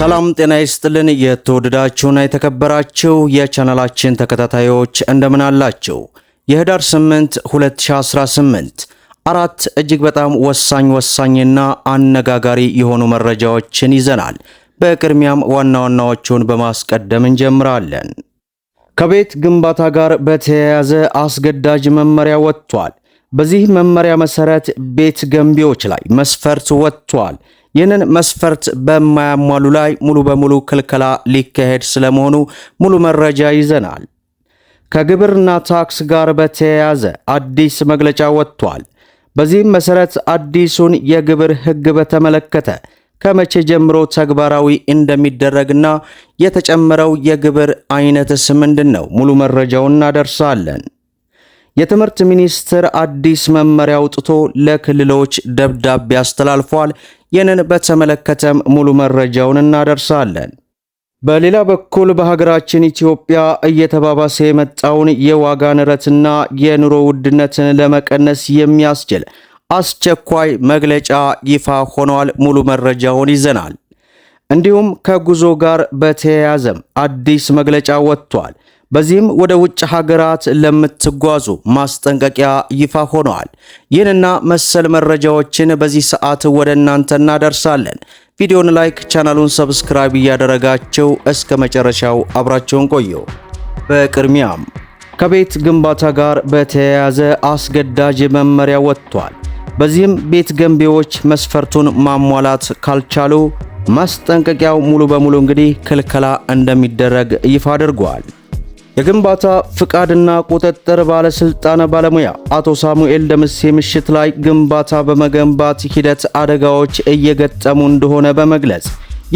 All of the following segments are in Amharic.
ሰላም ጤና ይስጥልን። የተወደዳችሁና የተከበራችሁ የቻናላችን ተከታታዮች እንደምን አላችሁ? የህዳር 8 2018 አራት እጅግ በጣም ወሳኝ ወሳኝና አነጋጋሪ የሆኑ መረጃዎችን ይዘናል። በቅድሚያም ዋና ዋናዎቹን በማስቀደም እንጀምራለን። ከቤት ግንባታ ጋር በተያያዘ አስገዳጅ መመሪያ ወጥቷል። በዚህ መመሪያ መሰረት ቤት ገንቢዎች ላይ መስፈርት ወጥቷል። ይህንን መስፈርት በማያሟሉ ላይ ሙሉ በሙሉ ክልከላ ሊካሄድ ስለመሆኑ ሙሉ መረጃ ይዘናል። ከግብርና ታክስ ጋር በተያያዘ አዲስ መግለጫ ወጥቷል። በዚህም መሰረት አዲሱን የግብር ሕግ በተመለከተ ከመቼ ጀምሮ ተግባራዊ እንደሚደረግና የተጨመረው የግብር አይነትስ ምንድን ነው? ሙሉ መረጃውን እናደርሳለን። የትምህርት ሚኒስቴር አዲስ መመሪያ አውጥቶ ለክልሎች ደብዳቤ አስተላልፏል። ይህንን በተመለከተም ሙሉ መረጃውን እናደርሳለን። በሌላ በኩል በሀገራችን ኢትዮጵያ እየተባባሰ የመጣውን የዋጋ ንረትና የኑሮ ውድነትን ለመቀነስ የሚያስችል አስቸኳይ መግለጫ ይፋ ሆኗል። ሙሉ መረጃውን ይዘናል። እንዲሁም ከጉዞ ጋር በተያያዘም አዲስ መግለጫ ወጥቷል። በዚህም ወደ ውጭ ሀገራት ለምትጓዙ ማስጠንቀቂያ ይፋ ሆነዋል። ይህንና መሰል መረጃዎችን በዚህ ሰዓት ወደ እናንተ እናደርሳለን። ቪዲዮን ላይክ፣ ቻናሉን ሰብስክራይብ እያደረጋችሁ እስከ መጨረሻው አብራችሁን ቆዩ። በቅድሚያም ከቤት ግንባታ ጋር በተያያዘ አስገዳጅ መመሪያ ወጥቷል። በዚህም ቤት ገንቢዎች መስፈርቱን ማሟላት ካልቻሉ ማስጠንቀቂያው ሙሉ በሙሉ እንግዲህ ክልከላ እንደሚደረግ ይፋ አድርጓል። የግንባታ ፍቃድና ቁጥጥር ባለስልጣን ባለሙያ አቶ ሳሙኤል ደምሴ ምሽት ላይ ግንባታ በመገንባት ሂደት አደጋዎች እየገጠሙ እንደሆነ በመግለጽ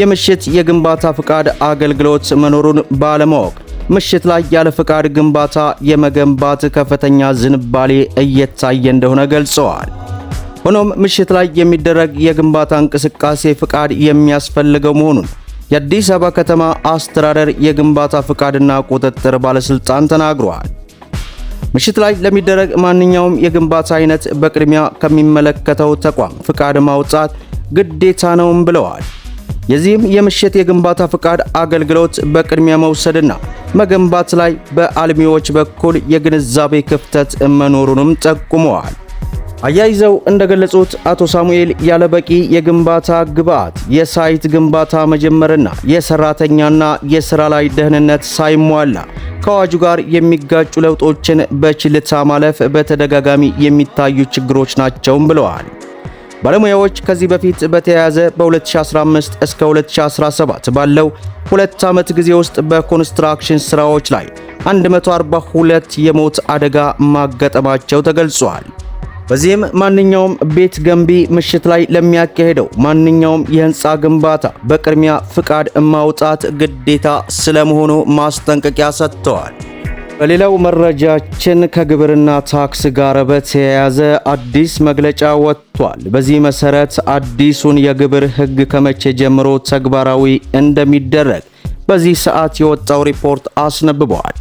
የምሽት የግንባታ ፍቃድ አገልግሎት መኖሩን ባለማወቅ ምሽት ላይ ያለ ፍቃድ ግንባታ የመገንባት ከፍተኛ ዝንባሌ እየታየ እንደሆነ ገልጸዋል። ሆኖም ምሽት ላይ የሚደረግ የግንባታ እንቅስቃሴ ፍቃድ የሚያስፈልገው መሆኑን የአዲስ አበባ ከተማ አስተዳደር የግንባታ ፍቃድና ቁጥጥር ባለስልጣን ተናግሯል። ምሽት ላይ ለሚደረግ ማንኛውም የግንባታ አይነት በቅድሚያ ከሚመለከተው ተቋም ፍቃድ ማውጣት ግዴታ ነውም ብለዋል። የዚህም የምሽት የግንባታ ፍቃድ አገልግሎት በቅድሚያ መውሰድና መገንባት ላይ በአልሚዎች በኩል የግንዛቤ ክፍተት መኖሩንም ጠቁመዋል። አያይዘው እንደገለጹት አቶ ሳሙኤል ያለበቂ የግንባታ ግብዓት የሳይት ግንባታ መጀመርና የሰራተኛና የስራ ላይ ደህንነት ሳይሟላ ከአዋጁ ጋር የሚጋጩ ለውጦችን በችልታ ማለፍ በተደጋጋሚ የሚታዩ ችግሮች ናቸውም ብለዋል። ባለሙያዎች ከዚህ በፊት በተያያዘ በ2015 እስከ 2017 ባለው ሁለት ዓመት ጊዜ ውስጥ በኮንስትራክሽን ሥራዎች ላይ 142 የሞት አደጋ ማጋጠማቸው ተገልጿል። በዚህም ማንኛውም ቤት ገንቢ ምሽት ላይ ለሚያካሄደው ማንኛውም የህንፃ ግንባታ በቅድሚያ ፍቃድ ማውጣት ግዴታ ስለመሆኑ ማስጠንቀቂያ ሰጥተዋል። በሌላው መረጃችን ከግብርና ታክስ ጋር በተያያዘ አዲስ መግለጫ ወጥቷል። በዚህ መሰረት አዲሱን የግብር ህግ ከመቼ ጀምሮ ተግባራዊ እንደሚደረግ በዚህ ሰዓት የወጣው ሪፖርት አስነብበዋል።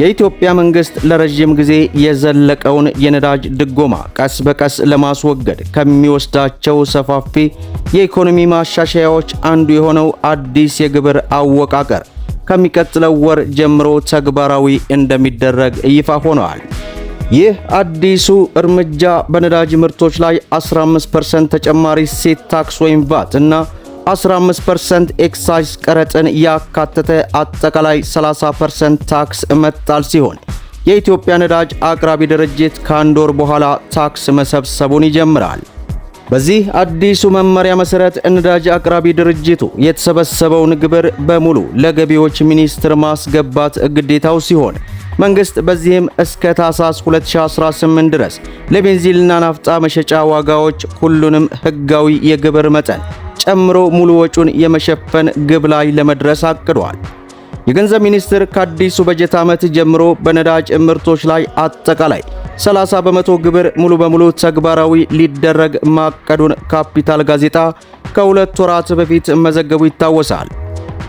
የኢትዮጵያ መንግስት ለረዥም ጊዜ የዘለቀውን የነዳጅ ድጎማ ቀስ በቀስ ለማስወገድ ከሚወስዳቸው ሰፋፊ የኢኮኖሚ ማሻሻያዎች አንዱ የሆነው አዲስ የግብር አወቃቀር ከሚቀጥለው ወር ጀምሮ ተግባራዊ እንደሚደረግ ይፋ ሆነዋል። ይህ አዲሱ እርምጃ በነዳጅ ምርቶች ላይ 15% ተጨማሪ ሴት ታክስ ወይም ቫት እና 15% ኤክሳይዝ ቀረጥን ያካተተ አጠቃላይ 30% ታክስ መጣል ሲሆን የኢትዮጵያ ነዳጅ አቅራቢ ድርጅት ከአንድ ወር በኋላ ታክስ መሰብሰቡን ይጀምራል። በዚህ አዲሱ መመሪያ መሠረት ነዳጅ አቅራቢ ድርጅቱ የተሰበሰበውን ግብር በሙሉ ለገቢዎች ሚኒስቴር ማስገባት ግዴታው ሲሆን መንግስት በዚህም እስከ ታኅሳስ 2018 ድረስ ለቤንዚንና ናፍጣ መሸጫ ዋጋዎች ሁሉንም ህጋዊ የግብር መጠን ጨምሮ ሙሉ ወጪውን የመሸፈን ግብ ላይ ለመድረስ አቅዷል። የገንዘብ ሚኒስቴር ከአዲሱ በጀት ዓመት ጀምሮ በነዳጅ ምርቶች ላይ አጠቃላይ 30 በመቶ ግብር ሙሉ በሙሉ ተግባራዊ ሊደረግ ማቀዱን ካፒታል ጋዜጣ ከሁለት ወራት በፊት መዘገቡ ይታወሳል።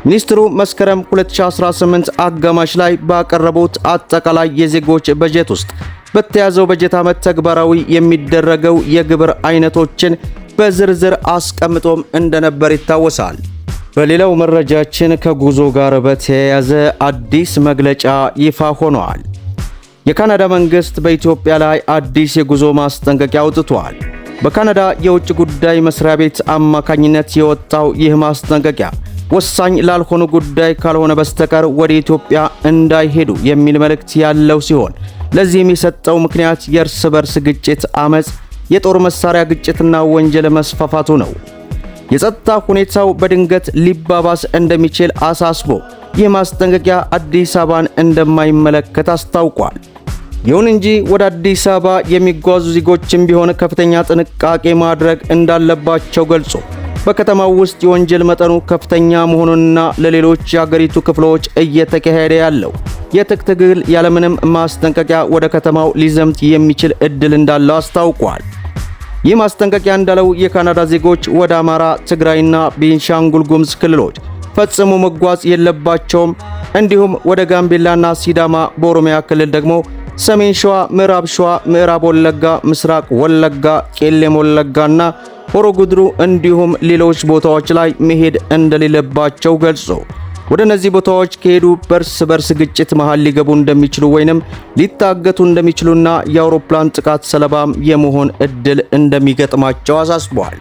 ሚኒስትሩ መስከረም 2018 አጋማሽ ላይ ባቀረቡት አጠቃላይ የዜጎች በጀት ውስጥ በተያዘው በጀት ዓመት ተግባራዊ የሚደረገው የግብር አይነቶችን በዝርዝር አስቀምጦም እንደነበር ይታወሳል። በሌላው መረጃችን ከጉዞ ጋር በተያያዘ አዲስ መግለጫ ይፋ ሆኗል። የካናዳ መንግሥት በኢትዮጵያ ላይ አዲስ የጉዞ ማስጠንቀቂያ አውጥቷል። በካናዳ የውጭ ጉዳይ መስሪያ ቤት አማካኝነት የወጣው ይህ ማስጠንቀቂያ ወሳኝ ላልሆኑ ጉዳይ ካልሆነ በስተቀር ወደ ኢትዮጵያ እንዳይሄዱ የሚል መልእክት ያለው ሲሆን ለዚህም የሰጠው ምክንያት የእርስ በርስ ግጭት፣ አመፅ የጦር መሳሪያ ግጭትና ወንጀል መስፋፋቱ ነው። የጸጥታ ሁኔታው በድንገት ሊባባስ እንደሚችል አሳስቦ ይህ ማስጠንቀቂያ አዲስ አበባን እንደማይመለከት አስታውቋል። ይሁን እንጂ ወደ አዲስ አበባ የሚጓዙ ዜጎችም ቢሆን ከፍተኛ ጥንቃቄ ማድረግ እንዳለባቸው ገልጾ በከተማው ውስጥ የወንጀል መጠኑ ከፍተኛ መሆኑንና ለሌሎች የአገሪቱ ክፍሎች እየተካሄደ ያለው የትጥቅ ትግል ያለምንም ማስጠንቀቂያ ወደ ከተማው ሊዘምት የሚችል እድል እንዳለው አስታውቋል። ይህ ማስጠንቀቂያ እንዳለው የካናዳ ዜጎች ወደ አማራ፣ ትግራይና ቤንሻንጉል ጉምዝ ክልሎች ፈጽሞ መጓዝ የለባቸውም። እንዲሁም ወደ ጋምቤላና ሲዳማ፣ በኦሮሚያ ክልል ደግሞ ሰሜን ሸዋ፣ ምዕራብ ሸዋ፣ ምዕራብ ወለጋ፣ ምስራቅ ወለጋ፣ ቄሌም ወለጋና ሆሮ ጉድሩ እንዲሁም ሌሎች ቦታዎች ላይ መሄድ እንደሌለባቸው ገልጾ ወደ እነዚህ ቦታዎች ከሄዱ በርስ በርስ ግጭት መሃል ሊገቡ እንደሚችሉ ወይንም ሊታገቱ እንደሚችሉና የአውሮፕላን ጥቃት ሰለባም የመሆን እድል እንደሚገጥማቸው አሳስበዋል።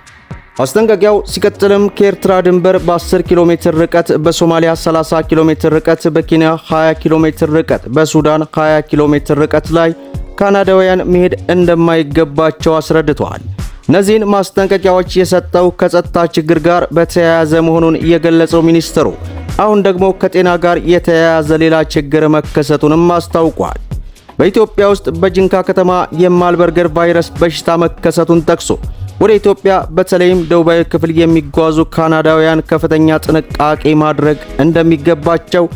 ማስጠንቀቂያው ሲቀጥልም ከኤርትራ ድንበር በ10 ኪሎ ሜትር ርቀት፣ በሶማሊያ 30 ኪሎ ሜትር ርቀት፣ በኬንያ 20 ኪሎ ሜትር ርቀት፣ በሱዳን 20 ኪሎ ሜትር ርቀት ላይ ካናዳውያን መሄድ እንደማይገባቸው አስረድተዋል። እነዚህን ማስጠንቀቂያዎች የሰጠው ከጸጥታ ችግር ጋር በተያያዘ መሆኑን የገለጸው ሚኒስትሩ አሁን ደግሞ ከጤና ጋር የተያያዘ ሌላ ችግር መከሰቱንም አስታውቋል። በኢትዮጵያ ውስጥ በጅንካ ከተማ የማልበርገር ቫይረስ በሽታ መከሰቱን ጠቅሶ ወደ ኢትዮጵያ በተለይም ደቡባዊ ክፍል የሚጓዙ ካናዳውያን ከፍተኛ ጥንቃቄ ማድረግ እንደሚገባቸው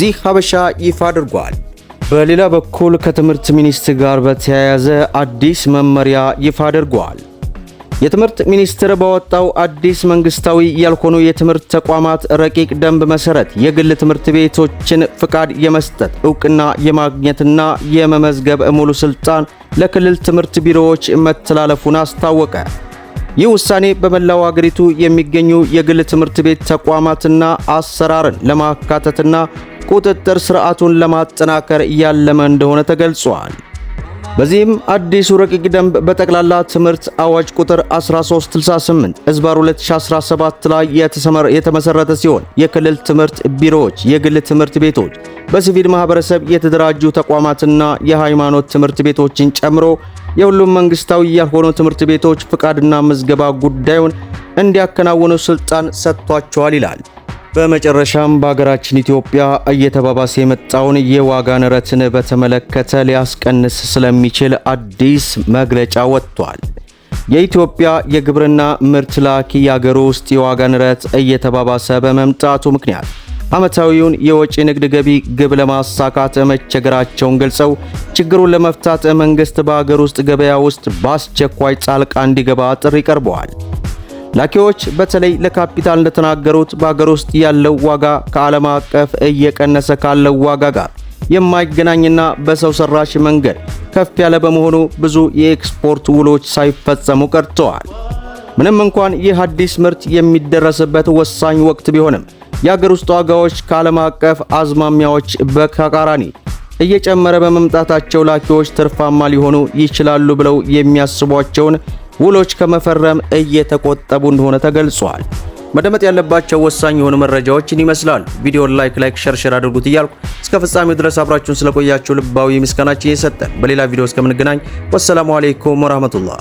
ዚህ ሀበሻ ይፋ አድርጓል። በሌላ በኩል ከትምህርት ሚኒስትር ጋር በተያያዘ አዲስ መመሪያ ይፋ አድርጓል። የትምህርት ሚኒስቴር ባወጣው አዲስ መንግስታዊ ያልሆኑ የትምህርት ተቋማት ረቂቅ ደንብ መሰረት የግል ትምህርት ቤቶችን ፍቃድ የመስጠት እውቅና የማግኘትና የመመዝገብ ሙሉ ስልጣን ለክልል ትምህርት ቢሮዎች መተላለፉን አስታወቀ። ይህ ውሳኔ በመላው አገሪቱ የሚገኙ የግል ትምህርት ቤት ተቋማትና አሰራርን ለማካተትና ቁጥጥር ስርዓቱን ለማጠናከር ያለመ እንደሆነ ተገልጿል። በዚህም አዲሱ ረቂቅ ደንብ በጠቅላላ ትምህርት አዋጅ ቁጥር 1368 እዝባር 2017 ላይ የተመሰረተ ሲሆን የክልል ትምህርት ቢሮዎች፣ የግል ትምህርት ቤቶች፣ በሲቪል ማህበረሰብ የተደራጁ ተቋማትና የሃይማኖት ትምህርት ቤቶችን ጨምሮ የሁሉም መንግስታዊ ያልሆኑ ትምህርት ቤቶች ፍቃድና ምዝገባ ጉዳዩን እንዲያከናውኑ ስልጣን ሰጥቷቸዋል ይላል። በመጨረሻም በሀገራችን ኢትዮጵያ እየተባባሰ የመጣውን የዋጋ ንረትን በተመለከተ ሊያስቀንስ ስለሚችል አዲስ መግለጫ ወጥቷል። የኢትዮጵያ የግብርና ምርት ላኪ የአገር ውስጥ የዋጋ ንረት እየተባባሰ በመምጣቱ ምክንያት ዓመታዊውን የወጪ ንግድ ገቢ ግብ ለማሳካት መቸገራቸውን ገልጸው ችግሩን ለመፍታት መንግሥት በአገር ውስጥ ገበያ ውስጥ በአስቸኳይ ጣልቃ እንዲገባ ጥሪ ቀርበዋል። ላኪዎች በተለይ ለካፒታል እንደተናገሩት በሀገር ውስጥ ያለው ዋጋ ከዓለም አቀፍ እየቀነሰ ካለው ዋጋ ጋር የማይገናኝና በሰው ሰራሽ መንገድ ከፍ ያለ በመሆኑ ብዙ የኤክስፖርት ውሎች ሳይፈጸሙ ቀርተዋል። ምንም እንኳን ይህ አዲስ ምርት የሚደረስበት ወሳኝ ወቅት ቢሆንም የአገር ውስጥ ዋጋዎች ከዓለም አቀፍ አዝማሚያዎች በተቃራኒ እየጨመረ በመምጣታቸው ላኪዎች ትርፋማ ሊሆኑ ይችላሉ ብለው የሚያስቧቸውን ውሎች ከመፈረም እየተቆጠቡ እንደሆነ ተገልጿል። መደመጥ ያለባቸው ወሳኝ የሆኑ መረጃዎችን ይመስላሉ። ቪዲዮን ላይክ ላይክ ሸርሸር አድርጉት እያልኩ እስከ ፍጻሜው ድረስ አብራችሁን ስለቆያችሁ ልባዊ ምስጋናችን እየሰጠን በሌላ ቪዲዮ እስከምንገናኝ ወሰላሙ አሌይኩም ወራህመቱላህ